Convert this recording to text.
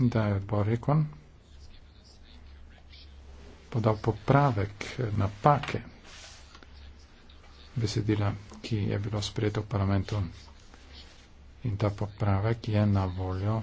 Dajat Borikon podal popravek napake besedila, ki je bilo sprejeto v parlamentu. In ta popravek je na voljo.